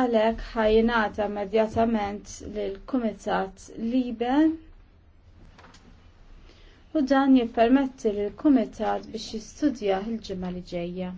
għalek ħajnata immedjatament lill-Kumitat Libe u dan jippermetti lill-Kumitat biex jistudjah il-ġimgħa li ġejja.